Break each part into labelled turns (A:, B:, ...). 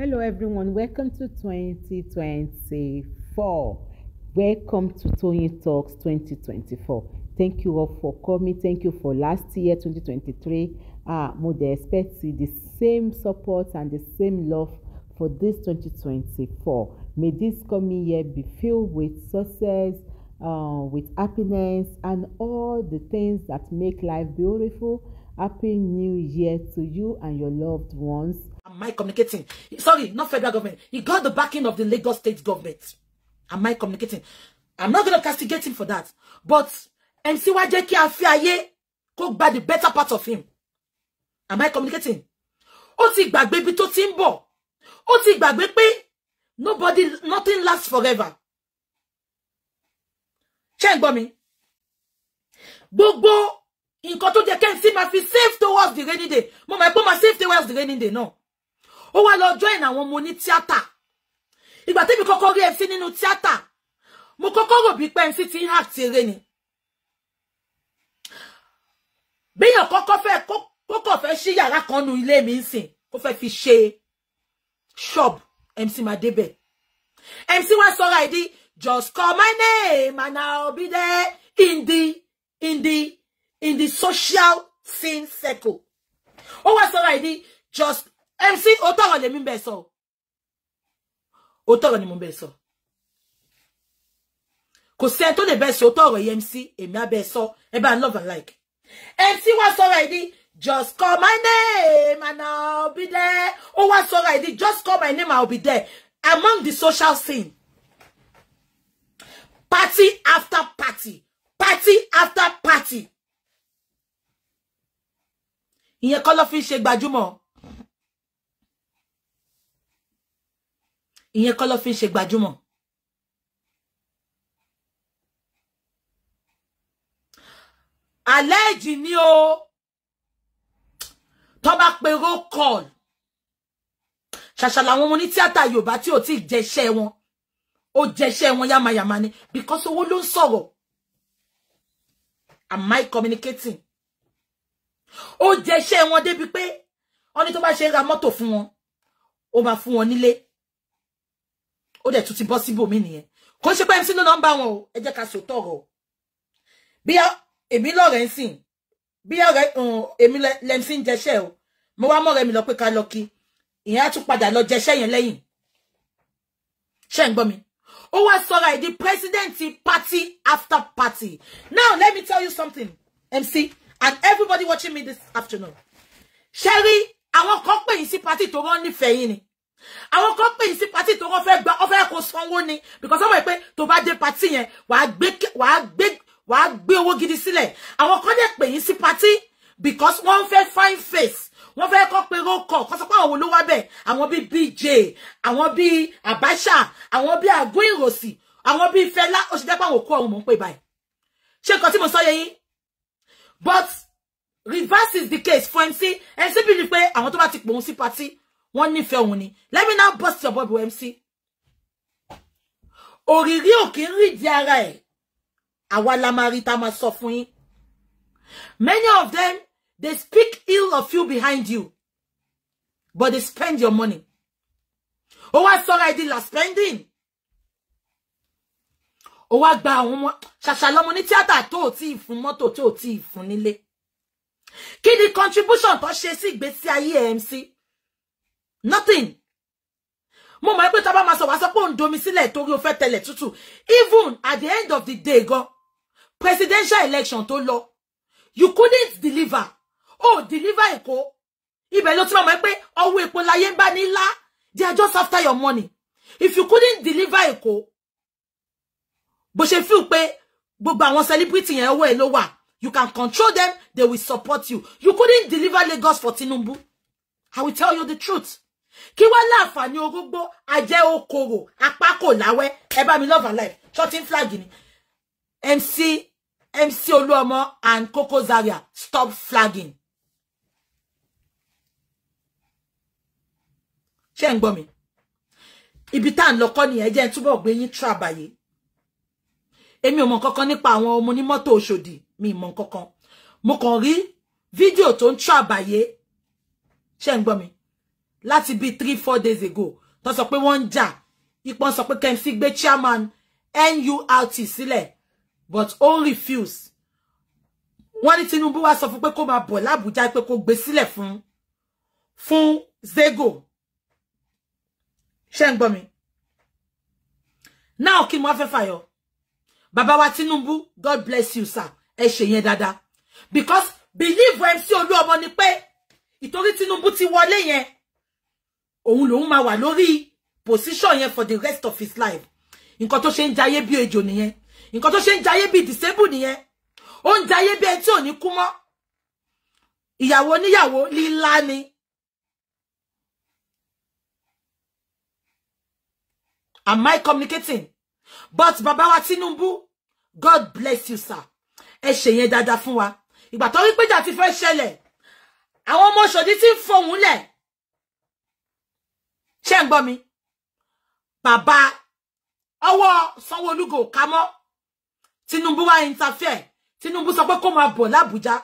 A: Hello everyone, welcome to 2024. Welcome to Tony Talks 2024. Thank you all for coming. Thank you for last year 2023. Ah, mo dey expect the same support and the same love for this 2024. May this coming year be filled with success, uh, with happiness and all the things that make life beautiful. Happy New Year to you and your loved ones. Am I communicating? Sorry, not federal government. He got the backing of the Lagos state government. Am I communicating? I'm not going to castigate him for that. But MC wá jẹ́ kí the better part of him. Am I communicating? Oti ti gbàgbé bí Oti ti ń nobody nothing lasts forever. Ṣé ń gbọ́ in Koto nǹkan tó jẹ́ kẹ́hìn sí fi save towards the rainy day. Mo máa pọ́ máa save towards the rainy day No ó wá lọ join àwọn ọmọ theater. tíátà ìgbà tẹ́mi kọ́kọ́ rí MC nínú theater, mo kọ́kọ́ rò bí pé MC ti ń act eré ni béèyàn kọ́kọ́ fẹ́ kókò fẹ́ ṣí yàrá kan nu ilé mi sìn kó fẹ́ fi ṣe shop MC máa débẹ̀ MC wá sọ́ra ìdí just call my name and I'll be there in the in the in the social scene circle ó wá sọ́ra ìdí just MC òótọ́rọ̀ lèmi bẹ́ẹ̀ sọ òótọ́rọ̀ ni mo bẹ́ẹ̀ sọ kò sẹ́ni tó lè bẹ́ẹ̀ sọ òótọ́rọ̀ yìí MC èmi á bẹ́ẹ̀ sọ ẹ bá love and like MC wá already just call my name and I'll be there Oh, wá already just call my name and I'll be there among the social scene party after party party after party ìyẹn a ló fi ń ṣe gbajúmọ̀. ìyẹn kọ́ ló fi ń ṣe gbajúmọ̀ àlẹ́ẹ̀jì ni o tó bá pe roll call ṣàṣà làwọn ọmọ ní tíátà Yorùbá tí ò tí ì jẹṣẹ́ wọn ó jẹṣẹ́ wọn yámayàmá ni because owó ló ń sọ̀rọ̀ am I communicating ó jẹṣẹ́ wọn débi pé wọ́n ní tó bá ṣe ń ra mọ́tò fún wọn ó máa fún wọn nílé ó dẹ̀ tún ti bọ́ síbòmí nìyẹn kò ṣe pé MC ló nọ́mbà wọn o ẹ jẹ́ ká sọ tọ̀rọ̀ o bí èmi lọ́rẹ̀ ń sìn bí ọ̀rẹ́ um, èmi lẹ́mísì ń jẹṣẹ́ o mo wá mọ́rẹ́ mi lọ pé ká lọ kí ìyẹn á tún padà lọ jẹṣẹ́ yẹn lẹ́yìn ṣé ń gbọ́ mi ó wá sọ́ra ìdí president party after party now let me tell you something MC and everybody watching me this afternoon Sherry, rí àwọn kan pè yín sí party tó wọ́n nífẹ̀ẹ́ yín ni àwọn kan pè yín sí pàtì tó wọ́n fẹ́ gba wọ́n fẹ́ kó sanwó ni because wọ́n mọ̀ pé tó bá dé pàtì yẹn wàá gbé wàá gbé wàá gbé owó gidi sílẹ̀ àwọn kan dẹ̀ pè yín sí pàtì because wọ́n fẹ́ fine face wọ́n fẹ́ kọ́ pé rókọ̀ kọ́ sọ pé àwọn olówó bẹ̀ àwọn bíi BJ àwọn bíi Abacha àwọn bíi àgọ́ ìròsì àwọn bíi Fẹlá ó ṣe jẹ́ pé àwọn òkú ọ̀hún mò ń pè báyìí ṣé nǹkan tí mo sọ yẹ yín but reverse is the case fún MC MC bí rí pé àwọn tó bá ti pòun sí party wọ́n nífẹ̀ẹ́ òun ni let me now bust your bubble MC òrìrí òkè ń rí di ara ẹ̀ la máa rí ta many of them they speak ill of you behind you but they spend your money ó wá sọ́ra ẹ̀ di la spending ó wá gba àwọn ọmọ ṣàṣà lọ́mọ ní tíátà tó ò tí ì fún mọ́tò tó ò tí ì fún contribution to ṣe sí ìgbésí ayé MC nothing mo mọ̀ pé tá bá máa sọ wá sọ pé òǹdomi sílẹ̀ torí o fẹ́ tẹlẹ̀ tútù even at the end of the day gan presidential election tó lọ you couldn't deliver oh deliver èkó ibẹ̀ ló ti mọ̀ pé ọwọ́ epo láyé ń bá ní lá they are just after your money if you couldn't deliver èkó bó ṣe feel pé gbogbo àwọn celebrity yẹn ọwọ́ ẹ ló wà you can control them they will support you you couldn't deliver Lagos for Tinubu i will tell you the truth kí wá láǹfààní orógbó ajẹ́ okòrò apá láwẹ́ ẹ bá mi love and life shorting flag ni mc mc olúọmọ and Koko Zaria stop flagging. ṣé ń gbọ́ mi ibi tá à ń lọ kọ́ nìyẹn jẹ́ túbọ̀ gbé yín tíràbàyè èmi ò mọ̀ kankan nípa àwọn ọmọ onímọ́tò Òṣòdì mi mọ̀ kankan mo kàn rí fídíò tó ń tíràbàyè ṣé ń gbọ́ mi láti bíi three four days ago tó sọ pé wọ́n ń jà ìpọ́n sọ pé kẹ́ńsì gbé chairman NURT sílẹ̀ but ó refuse wọ́n ní Tinubu wá sọ fún pé kó máa bọ̀ lábújá pé kó gbé sílẹ̀ fún fún Zego ṣé ń gbọ́ mi now kí n wá fẹ́ fàyọ bàbá wa Tinubu God bless you sir ẹ ṣe yẹn dáadáa because believe MC Olúọmọ ni pé ìtorí Tinubu ti wọlé yẹn òun lòun máa wà lórí position yẹn for the rest of his life nǹkan tó ṣe ń jayé bí ejò nìyẹn nǹkan tó ṣe ń jayé bí disable nìyẹn ó ń jayé bí ẹtí ò ní kú mọ́ ìyàwó oníyàwó lílá ni am I communicating but Baba wa Tinubu God bless you sir ẹ ṣe yẹn dáadáa fún wa ìgbà tó rí péjà ti fẹ́ ṣẹlẹ̀ àwọn ọmọ ṣòdí ti ń fohùn lẹ̀ ṣé ń gbọ́ mi bàbá ọwọ́ Sanwó-Olú kò Tinubu wá interfere Tinubu sọ pé kó máa bọ̀ lábújá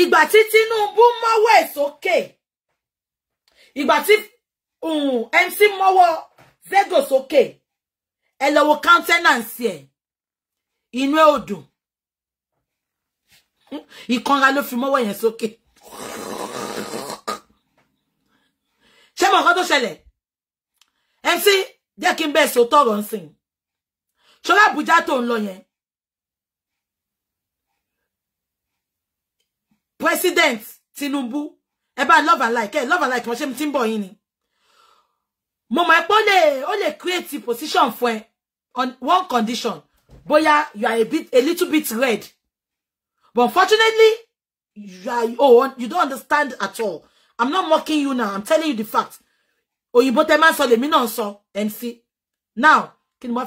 A: ìgbà tí Tinubu mọ́wọ́ ẹ̀ sókè ìgbà tí MC um, mọ́wọ́ Zego sókè ẹ lọ wo countenance ẹ̀ inú ẹ̀ ò dùn ìkanra ló fi mọ́wọ́ yẹn sókè ṣé mo nǹkan to ṣẹlẹ̀ mc jẹ́ kí n be so tọrọ ń sìn ṣọlá àbújá tó ń lọ yẹn president tinubu ẹ bá love and like ẹ love and like mo ṣe ti ń bọ̀ yín ni mo mọ̀ pé ó lè ó create position for ẹ on one condition boya, you are a bit a little bit red but unfortunately you are oh you don't understand at all I'm not mocking you now. I'm telling you the fact. Òyìnbó tẹ́ máa sọ lèmi náà sọ MC. Now, kí ni mo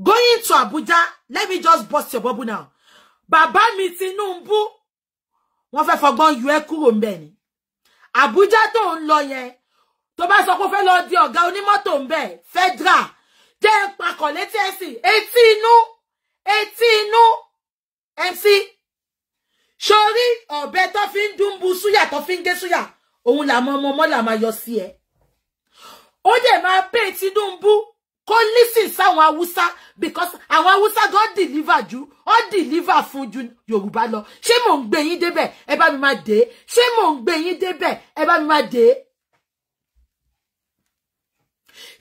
A: Going to Abuja, let me just bust your bubble now. Baba, mi Tinubu, wọ́n fẹ́ fọgbọ́n yọ ẹ́ kúrò ńbẹ̀ ni. Abuja to ń lọ yẹn, tó bá sọ kó fẹ́ lọ di ọ̀gá onímọ́tò ńbẹ̀, Federal, jẹ́ pakọ̀ létí ẹ̀sìn, etí inú, etí MC sórí ọ̀bẹ tó fi ń dúnbu súyà tó fi ń gé súyà òun làwọn ọmọ ọmọ là máa yọ sí ẹ ó dẹ̀ máa bẹ́ Tinubu kó lísìn sáwọn haúsá because àwọn haúsá gan deliver ju ó deliver fún ju yorùbá lọ ṣé mò ń gbé yín débẹ̀ ẹ bá mi máa dé ṣé mò ń gbé yín débẹ̀ ẹ bá mi máa dé.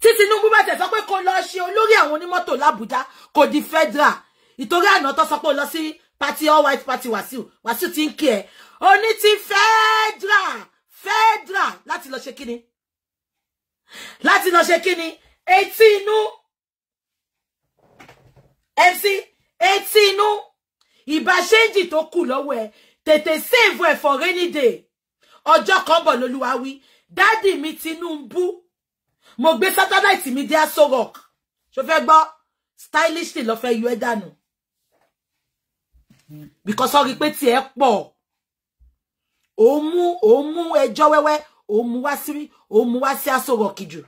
A: tí Tinubu bá tẹ̀ sọ pé kó lọ ṣe olórí àwọn onímọ́tò làbújá kò di federal ìtorí àná tó sọ pé ó lọ sí party all white party Wasiu Wasiu ti ń kí ẹ oní ti federal federal láti lọ ṣe kíni láti lọ ṣe kíni etí inú mc etí inú ìbá ṣéǹjì tó kù lọ́wọ́ save we for rainy day Ojo kan bọ̀ lólúwa wí dádì mi Tinubu mo gbé satellite mi dé aso rock ṣo fẹ́ gbọ́ stylishly lọ fẹ́ yọ ẹ dànù because ó rí pé tí ẹ pọ̀ ó mú ó mú ẹjọ́ wẹ́wẹ́ ó mú wá sí ó mú wá sí Aso Rock jù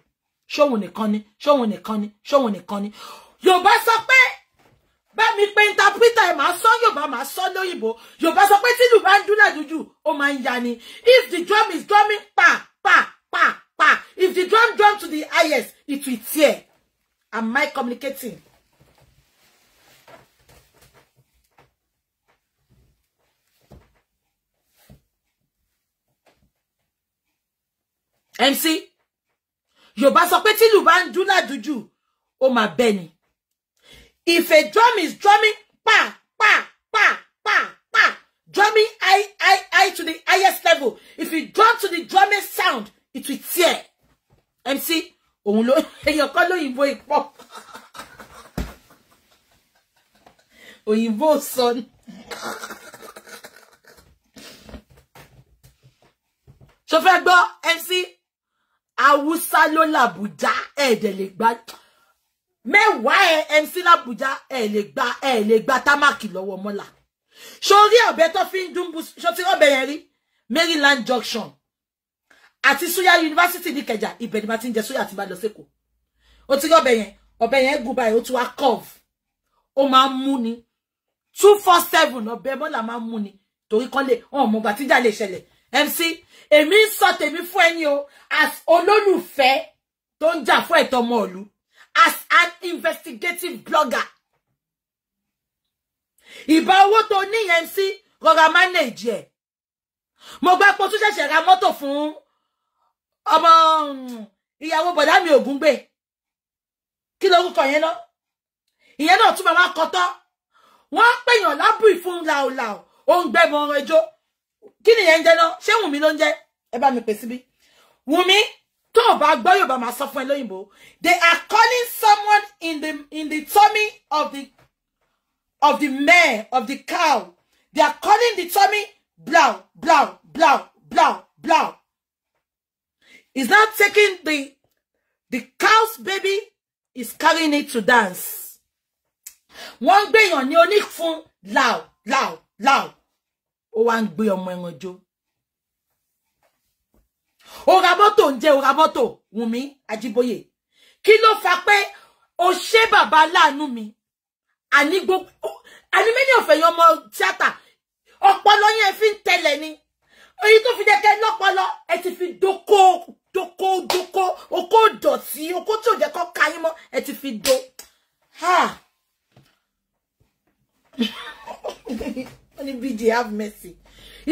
A: ṣóhun nìkan ni ṣóhun nìkan ni ṣóhun nìkan ni Yorùbá sọ pé bá mi pé interpreter ẹ̀ máa sọ Yorùbá máa sọ lóyìnbó Yorùbá sọ pé tílù bá ń dúnà dúdú ó máa ń yani if the drum is drumming pa pa pa pa if the drum drum to the highest it will tear am I communicating MC Yorùbá sọ pé tílù bá ń dúnàdújù ó máa bẹ́ ni if a drum is drumming pa pa pa pa pa drumming I I I to the highest level if you drum to the drumming sound it will tear MC òun ló èèyàn kan lóyìnbó ìpọ òyìnbó sọ ni. ṣo fẹ́ gbọ́ MC haúsá ló làbújá ẹ̀ẹ́dẹ̀ lè gbá mẹ́wàá ẹ̀ mc làbújá ẹ̀ lè gba ẹ̀ lè gba támákì lọ́wọ́ mọ́là sórí ọ̀bẹ tó fi ń dún busu sọ yẹn rí maryland junction àti suya university ní kẹjà ibẹ̀ ni ma ti ń jẹ suya àti ma lọ sẹ́kọ̀ọ́ ó ti rí ọ̀bẹ yẹn ọ̀bẹ yẹn gùn báyìí ó ti wá curve ó máa ń mú ni two four seven ọ̀bẹ mọ́là máa ń mú ni torí kan lè ọ̀n tíjà lè ṣẹlẹ̀ MC Emi ń Temi tèmi fún o as olólùfẹ́ tó ń jà fún eto ọmọ ìlú as an investigative blogger ìbá owó tó ní MC rọra manage ẹ̀ mo gbà pé o tún ṣẹ̀ṣẹ̀ ra mọ́tò fún ọmọ ìyàwó bọ̀dá mi ògún gbé kí lorúkọ yẹn náà ìyẹn náà tún máa wá kọtọ́ wọ́n pèèyàn lábùí fún làòlàò ó ń gbẹ́mọ ẹjọ́ kí ni yẹn jẹ náà ṣé Wùnmí ló ń jẹ ẹ bá mi pè síbí Wùnmí tó o bá gbọ́ Yorùbá máa sọ fún ẹ lóyìnbó they are calling someone in the in the tummy of the of the mare of the cow they are calling the tummy blow blow blow blow blow is not taking the the cow's baby is carrying it to dance wọ́n gbé èèyàn ní onífun loud loud loud O wá ń gbé ọmọ ẹran jó ó ra mọ́tò ń jẹ́ ó kí ló fa pé o ṣe bàbá láàánú mi àní gbogbo àní mẹ́ni ọ̀fẹ́ yan ọmọ tíátà ọpọlọ yẹn fi ń tẹ̀lẹ̀ ni èyí tó fi jẹ́ kẹ́ lọ́pọlọ ẹ ti fi dóko dóko dóko okó dọ̀tí okó tí ò jẹ́ kọ́ ka yín mọ́ ẹ ti fi do. Ha. Only ní BJ have mercy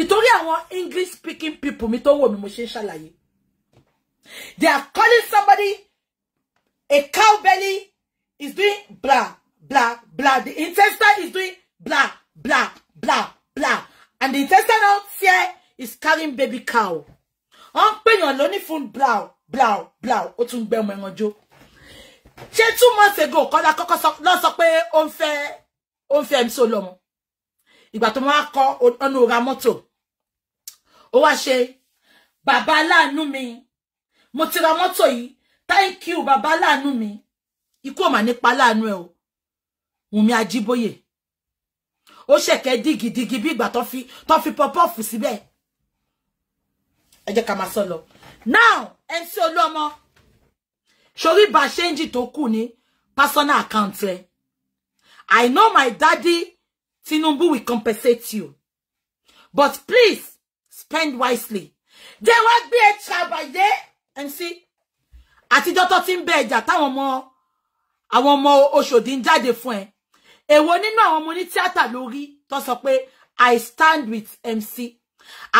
A: ìtorí àwọn English speaking people mi tó wò mí mo ṣe ń ṣàlàyé they are calling somebody a cow belly is doing blah blah blah the intestine is doing blah blah blah blah and the intestine out here is carrying baby cow wọ́n ń pèèyàn lóní fún blah blah blah ó tún gbẹmọ ẹran jó ṣé two months ago kọ́lá kọ́kọ́ lọ sọ pé ó ń fẹ́ ó ń fẹ́ mc ìgbà tó máa kọ́ ọ̀nà òra mọ́tò ó wá ṣe bàbá aláàánú mi mo ti ra mọ́tò yìí thank you bàbá aláàánú mi ikú ò mà nípa aláàánú ẹ o Wùnmí Ajíbóyè ó ṣẹ̀kẹ́ dìgìdìgì bí ìgbà tó fi tó fi pọ́pọ́ọ̀fù síbẹ̀ ẹ jẹ́ ká máa sọ lọ now MC Olúọmọ sórí bá ṣéǹjì tó kù ní personal account rẹ I know my daddy Tinubu will compensate you. But please, spend wisely. They won't be a by day And see, àtijọ́ tó ti ń bẹ ẹ̀jà táwọn ọmọ àwọn ọmọ Oṣòdì ń jáde fún ẹ. Èwo nínú àwọn ọmọ onítíátà lórí tó sọ pé I stand with MC.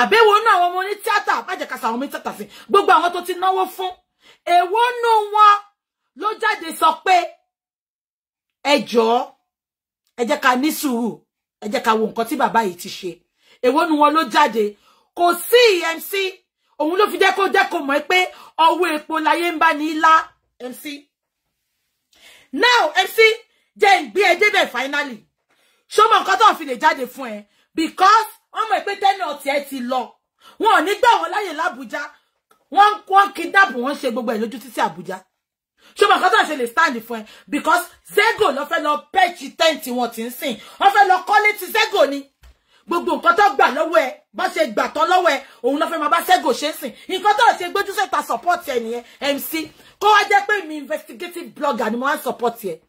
A: Àbẹ̀wò nínú àwọn ọmọ onítíátà májẹ̀kásá àwọn onítíátà sí gbogbo àwọn tó ti náwó fún. Èwo nù wọn no jáde sọ pé ẹ jọ̀ọ́ ẹ jẹ́ ká ní sùúrù ẹ jẹ́ ká wo nǹkan tí bàbá yìí ti ṣe èwo nu wọn ló jáde kò sí MC òun ló fi jẹ́ kó jẹ́ kó mọ̀ pé ọwọ́ epo láyé ń bá ní MC now MC jẹ́ ń gbé ẹ finally ṣó mọ nǹkan tó fi lè jáde fún ẹ because wọ́n mọ̀ pé ten tiẹ̀ ti lọ wọn ò ní gbà wọ́n láyè lábújá wọ́n ń kidnap wọ́n ń ṣe gbogbo ẹ̀ lójú títí àbújá ṣé wọn kọ́ ṣe lè stand fún ẹ because zego ló fẹ́ lọ bẹ́ẹ̀kì tẹ́ǹtì wọn ti ń sìn wọ́n fẹ́ lọ kọ́lé ti zego ni gbogbo nǹkan tó gbà lọ́wọ́ ẹ bá ṣe gbà tán lọ́wọ́ ẹ òun ló fẹ́ máa bá zego ṣe sìn nǹkan tó ṣe gbójú sẹ́ta support ẹ nìyẹn MC kó wá jẹ́ pé mi investigative blogger ni mo máa ń support ẹ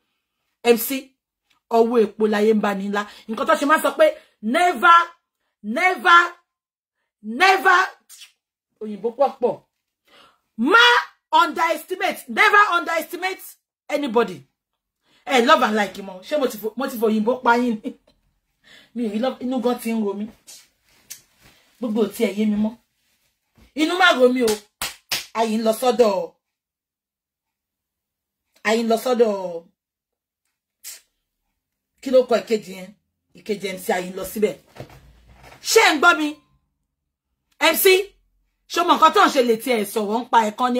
A: MC ọwọ́ èpo láyé ń bá ní ńlá nǹkan tó ṣe máa sọ pé never never never òyìnbó pọ̀ pọ̀ má underestimate never underestimate anybody ẹ hey, love and like him, ṣé motivate ti fò yìnbó pa yín ni mi love inú gan ti ń ro mi gbogbo ò tiẹ̀ yé mi mọ́ inú má ro mi o ayé ń lọ sọ́dọ̀ ayé ń lọ sọ́dọ̀ kí ló kọ ìkejì yẹn ìkejì MC ayé ń lọ síbẹ̀ ṣé MC show mo nǹkan tó ń ṣe lè tiẹ̀ sọ̀rọ̀ ń pa ẹ̀kan ní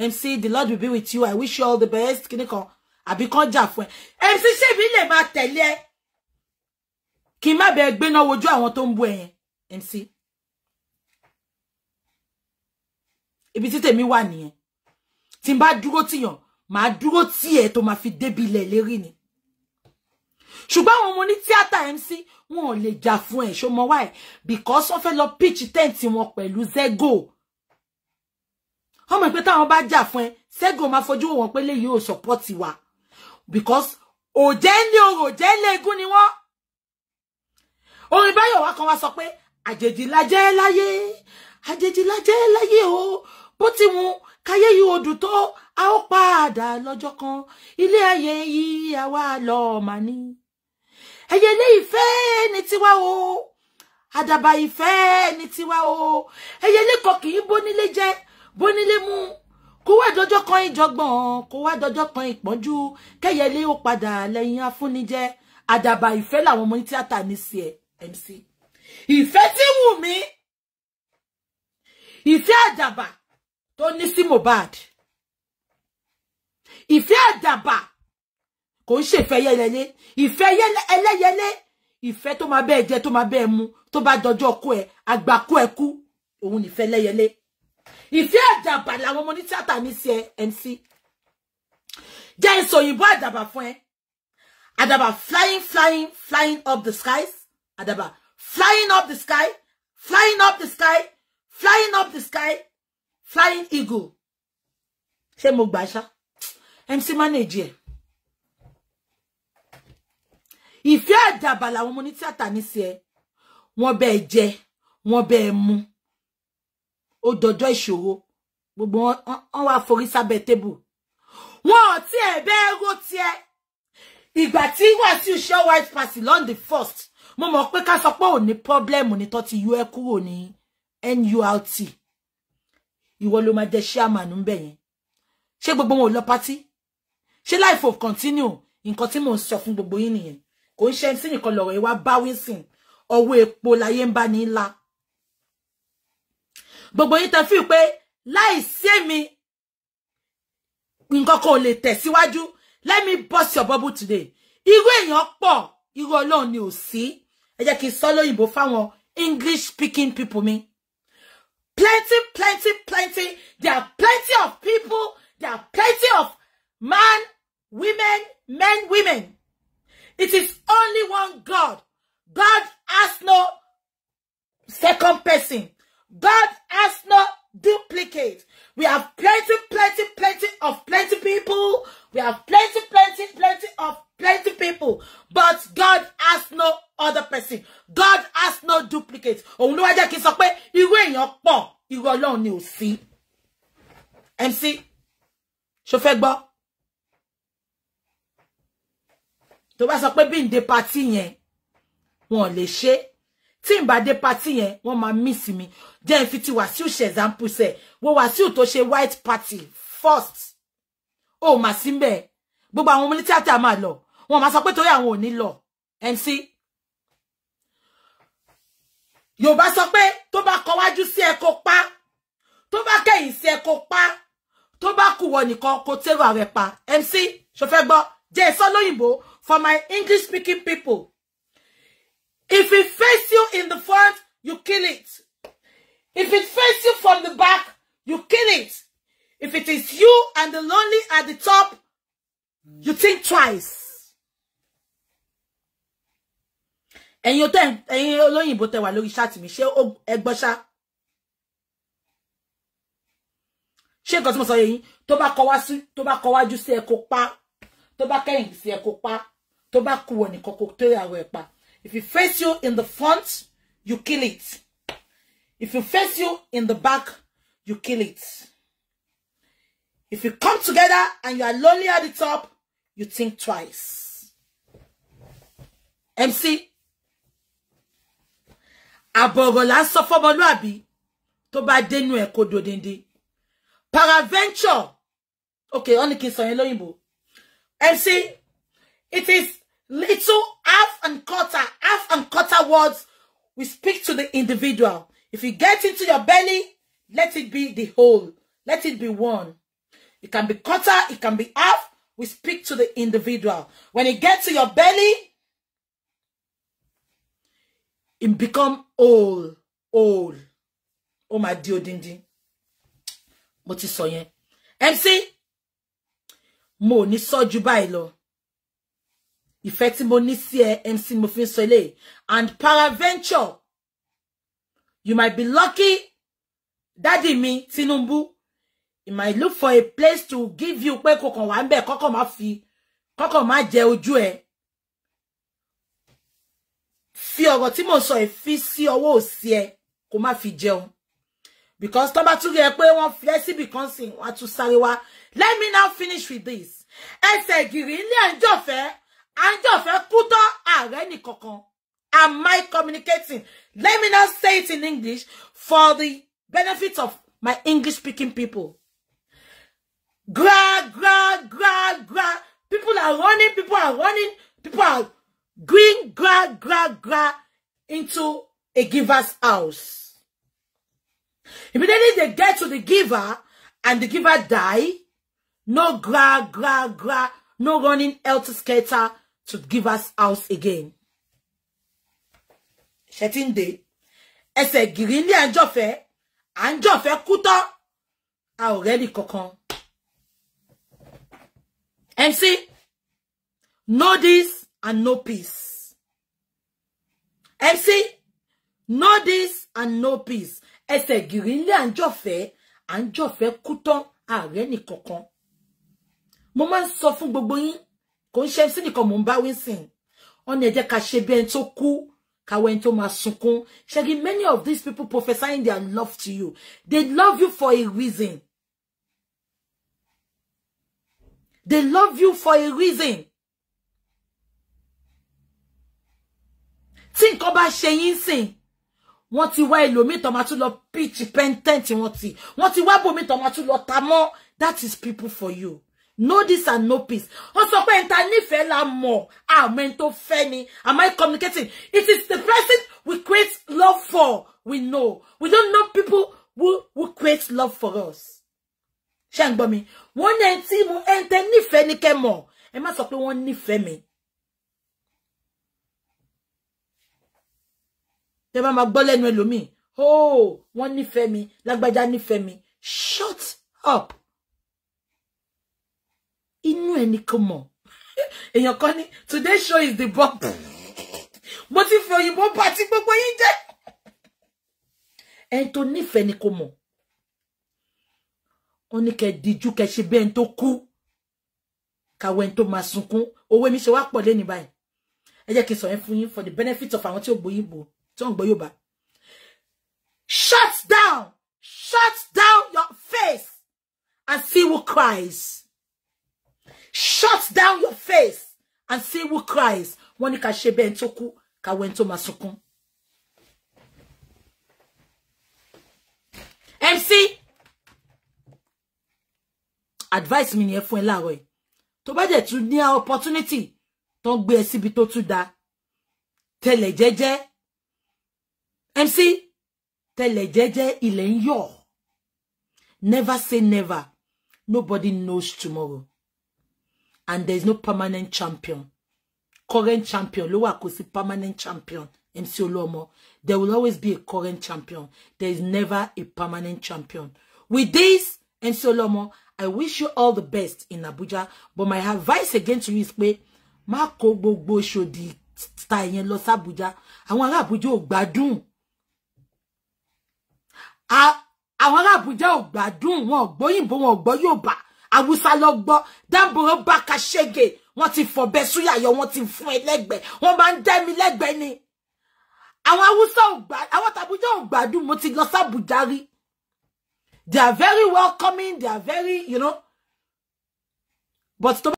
A: MC the Lord will be with you I wish you all the best kíní kan àbí kan jà fún MC ṣé mi lè máa tẹ̀lé ẹ kí n má bẹ gbé náà wojú àwọn tó ń bú ẹ yẹn MC ibi tí tèmi wà nìyẹn tí n bá dúró tìyàn to ma tì ẹ tó máa fi débi ilẹ̀ lérí ni ṣùgbọ́n àwọn ọmọ ní tíátà MC wọn ò lè jà fún ẹ̀ ṣó Because wáyé because wọ́n pitch lọ pitch tent wọn pẹ̀lú zego wọ́n mọ̀ pé táwọn bá jà fún ẹ Ṣẹ́gun máa fojú wọn pé léyìí ò support wa because òjẹ́ ní orò jẹ́ léegun ni wọ́n orin báyọ̀ wá kan wá sọ pé àjèjì la jẹ́ láyé àjèjì la o bó ti mu káyé yìí odù tó a ó padà lọ́jọ́ kan ilé ayé yìí àwa lọ mà ní ẹyẹ lé ìfẹ́ ní tiwa o àdàbà ìfẹ́ ní tiwa o ẹyẹ lé kọ kì í bó nílé jẹ́ Bonile mú kó wá dọjọ́ kan ìjọgbọ̀n kó wá dọjọ́ kan ìpọ́njú kẹ́yẹlé ó padà lẹ́yìn afúnijẹ àdàbà ìfẹ́ làwọn ọmọ ní tíátà ní sí ẹ MC ìfẹ́ tí ife adaba, ìfẹ́ àdàbà tó ní sí Mohbad ìfẹ́ àdàbà kò ń ṣèfẹ́ yẹlẹyẹ ìfẹ́ ẹlẹ́yẹlé ìfẹ́ tó máa bẹ́ẹ̀ jẹ tó máa bẹ́ẹ̀ mu tó bá dọjọ́ kú ẹ àgbà kú ẹ kú òun nìfẹ́ lẹ́yẹlé If ìfẹ́ àdàbà làwọn ọmọ onítìátà ní sí ẹ MC jẹ́ n sọ òyìnbó àdàbà fún ẹ àdàbà flying flying flying up the skies àdàbà flying up the sky flying up the sky flying up the sky flying eagle ṣé mo MC manager. If manage ẹ ìfẹ́ àdàbà làwọn ọmọ onítìátà ní sí ẹ wọ́n bẹ́ẹ̀ jẹ wọ́n bẹ́ẹ̀ mu O dojo ìṣòro gbogbo wọn wá forí sábẹ́ tébù wọn ò tí ẹ bẹ́ẹ̀ rò tiẹ̀ ìgbà tí Wàsíù ṣe white party lọ́n the first mo mọ̀ pé ká sọ pé ò ni pọ́blẹ́mù ní tó ti yọ ẹ kúrò ní NURT ìwọ ló máa jẹ chairman ń bẹ̀ yẹn gbogbo wọn ò lọ pátí life of continue nǹkan tí mò ń sọ fún gbogbo yín nìyẹn kò ń ṣe ẹni tí nìkan lọ̀rọ̀ ẹ wá báwí epo láyé ń bá ní gbogbo yín tẹ́ fíì pé láìsí èmi nǹkan kan ò lè tẹ̀síwájú let me bust your bubble today irú èèyàn pọ̀ irú ọlọ́run ni ò sí ẹ jẹ́ kí n sọ lóyìnbó fáwọn english speaking people me. plenty plenty plenty there are plenty of people there are plenty of man women men women it is only one god god has no second person God has no duplicate. We have plenty, plenty, plenty of plenty people. We have plenty, plenty, plenty of plenty people. But God has no other person. God has no duplicate. Oh no, I jẹ́ kiss n sọ pé irú your pọ̀ You go ni ò See, MC show fake ball. Tó bá sọ pé bí ǹde patí yẹn, wọn ò lè tí n bá party yẹn wọ́n máa miss mi jẹ́ n fi ti Wasiu ṣe example ṣe wo Wasiu tó ṣe white party first ó mà sí ńbẹ̀ gbogbo àwọn military tá máa lọ wọ́n máa sọ pé torí àwọn ò ní lọ MC Yorùbá sọ pé to bá kọ wájú sí ẹ kó pa tó bá kẹ̀yìn sí ẹ kó pa tó bá kù wọ nìkan kó tẹ́rù ààrẹ pa MC ṣó fẹ́ gbọ́ jẹ́ sọ lóyìnbó for my English speaking people If it face you in the front, you kill it. If it face you from the back, you kill it. If it is you and the lonely at the top, you think twice. And you then and you lonely lórí ṣáàtì mi ṣé ẹ gbọ́ ṣá. Ṣé nǹkan tí mo sọ yẹ yín tó bá kọ wá sí tó bá kọ wájú sí ẹ kó pa tó bá kẹ́yìn sí If he face you in the front, you kill it. If he face you in the back, you kill it. If you come together and you are lonely at the top, you think twice. MC. Àbọ̀rọ̀ suffer sọ To tó bá dénú ẹ̀ kó dòdìndín. Paraventure. Okay, ó ní kí n MC, it is Little half and quarter, half and quarter words we speak to the individual. If you get into your belly, let it be the whole. Let it be one. It can be quarter, it can be half. We speak to the individual. When it gets to your belly, it become all, all. Oh my dear dindi. what ti sọ yẹn. MC, mo ni sọ jù lo ìfẹ́ tí mo ní sí mc mo sole, ń sọ eléyìí and paraventure you might be lucky Daddy me, Tinumbu, you might look for a place to give you pé kọkàn wà ń ma kọ́kàn má fi kọ́kàn má jẹ ojú ẹ fi ọ̀rọ̀ tí mo sọ ẹ fi sí ọwọ́ òsì ẹ kó má fi because tó bá tún rí ẹ pé wọ́n fi ẹ́ síbì kan sìn let me now finish with this ẹsẹ̀ gìrì ilé ẹjọfẹ Anjofe Kuto Areni Kokon. Am I communicating? Let me now say it in English for the benefit of my English speaking people. Gra, gra, gra, gra. People are running, people are running, people are going gra, gra, gra into a giver's house. Immediately they get to the giver and the giver die, no gra, gra, gra, no running helter-skelter to give us house again. Shetin de. Ẹsẹ̀ gìrì ní àjọfẹ́. Àjọfẹ́ kútọ́. A ò rẹ́ni kankan. MC. Know this and no peace. MC. Know this and no peace. Ẹsẹ̀ gìrì ní àjọfẹ́. Àjọfẹ́ kútọ́. A ò rẹ́ni kankan. Mo máa ń sọ fún gbogbo yín kò ń ṣe sí nìkan mò ń bá wí sìn wọn ni ẹ jẹ́ ká ṣe bí ẹni tó kú káwọ ẹni tó many of these people prophesying their love to you they love you for a reason they love you for a reason tí nǹkan bá ṣe yín sìn wọ́n ti wá ẹlòmíì tó máa tún lọ pitch pentent wọ́n ti wọ́n ti wá bòmíì tó máa tún lọ ta that is people for you no this and no peace ó sọ pé nta nífẹ̀ẹ́ la mọ̀ àmọ́ ẹni tó ni am I communicating it is the person we create love for we know we don't know people who who create love for us ṣé ń gbọ́ mi wọ́n ní ẹni tí mo ẹni tẹ́ nífẹ̀ẹ́ ni kẹ́ mọ̀ ẹ má sọ pé wọ́n nífẹ̀ẹ́ mi. tẹ́ bá máa gbọ́ lẹ́nu ẹlòmíì ó oh, wọ́n nífẹ̀ẹ́ mi lágbájá nífẹ̀ẹ́ mi shut up inú ẹ nìkan mọ̀ èèyàn kan ní today show is the bomb mo ti fi òyìnbó bá ti gbogbo yín jẹ́ ẹni tó nífẹ̀ẹ́ ni kò mọ̀ wọ́n ní kẹ díjú kẹ ṣe bí ẹni tó kú kàwé ẹni tó máa sunkún mi ṣe wá pọ̀ lẹ́ni báyìí ẹ jẹ́ kí n sọ yẹn fún yín for the benefit of àwọn tí ò gbóyìnbó tí wọ́n gbọ́ Yorùbá shut down shut down your face and see who cries shut down your face and see who cries wọ́n ní ká ṣe bẹ́ẹ̀ tó kú káwé MC advice me nìyẹn fún ẹ To ba tó bá opportunity tó ń gbé ẹ síbi tó da tẹ̀lẹ̀ jẹ́jẹ́ MC tẹ̀lẹ̀ jẹ́jẹ́ ilẹ̀ ń never say never nobody knows tomorrow and there is no permanent champion current champion Lo wa kò permanent champion MC Oluomo there will always be a current champion there is never a permanent champion with this MC Oluomo I wish you all the best in Abuja but my advice again to you is pé má kó gbogbo di style yẹn Lo s'Abuja àwọn ará Abuja ò gbádùn àwọn ará Abuja ò gbádùn wọn ò gbọ́ Yìnbó wọn ò àwùsá lọ gbọ́ dáàbòrò bá ka ṣége wọ́n ti fọ̀bẹ súyà yọ wọ́n ti fún ẹ lẹ́gbẹ̀ẹ́ wọ́n máa ń dẹ́ mi lẹ́gbẹ̀ẹ́ ni àwọn haúsá ò gbà àwọn tàbújá ò gbádùn mo ti lọ sábùjá rí they are very welcoming they are very you know but tó.